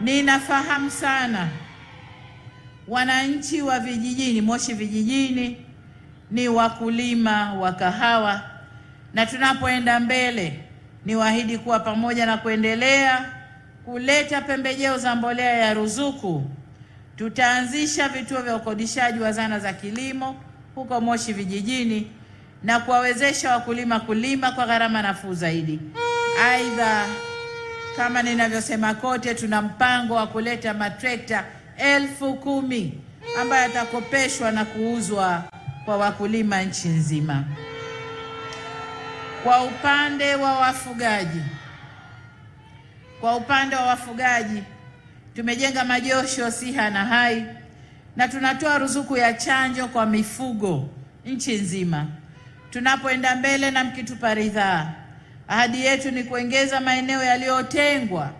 Ninafahamu sana wananchi wa vijijini, Moshi vijijini ni wakulima wa kahawa, na tunapoenda mbele, niwaahidi kuwa pamoja na kuendelea kuleta pembejeo za mbolea ya ruzuku, tutaanzisha vituo vya ukodishaji wa zana za kilimo huko Moshi vijijini na kuwawezesha wakulima kulima kwa gharama nafuu zaidi. Aidha, kama ninavyosema kote, tuna mpango wa kuleta matrekta elfu kumi ambayo yatakopeshwa na kuuzwa kwa wakulima nchi nzima. Kwa upande wa wafugaji, kwa upande wa wafugaji tumejenga majosho Siha na Hai na tunatoa ruzuku ya chanjo kwa mifugo nchi nzima. Tunapoenda mbele na mkitupa ridhaa Ahadi yetu ni kuongeza maeneo yaliyotengwa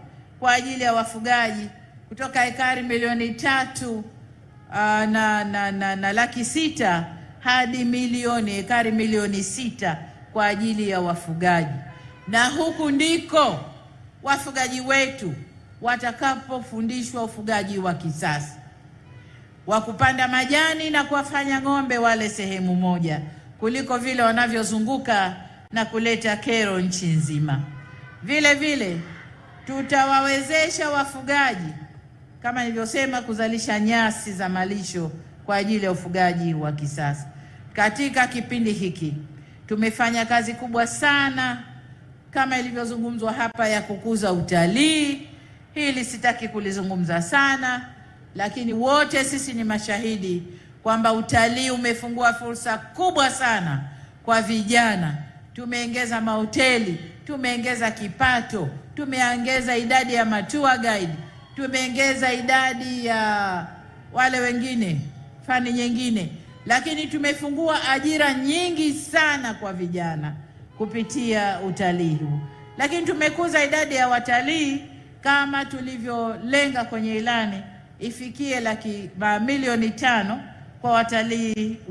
kwa ajili ya wafugaji kutoka ekari milioni tatu uh, na, na, na, na laki sita hadi milioni ekari milioni sita kwa ajili ya wafugaji, na huku ndiko wafugaji wetu watakapofundishwa ufugaji wa kisasa wa kupanda majani na kuwafanya ng'ombe wale sehemu moja kuliko vile wanavyozunguka na kuleta kero nchi nzima. Vile vile tutawawezesha wafugaji kama nilivyosema, kuzalisha nyasi za malisho kwa ajili ya ufugaji wa kisasa. Katika kipindi hiki tumefanya kazi kubwa sana kama ilivyozungumzwa hapa ya kukuza utalii. Hili sitaki kulizungumza sana, lakini wote sisi ni mashahidi kwamba utalii umefungua fursa kubwa sana kwa vijana tumeongeza mahoteli, tumeongeza kipato, tumeongeza idadi ya matua guide, tumeongeza idadi ya wale wengine fani nyingine, lakini tumefungua ajira nyingi sana kwa vijana kupitia utalii huu, lakini tumekuza idadi ya watalii kama tulivyolenga kwenye ilani ifikie laki milioni tano kwa watalii.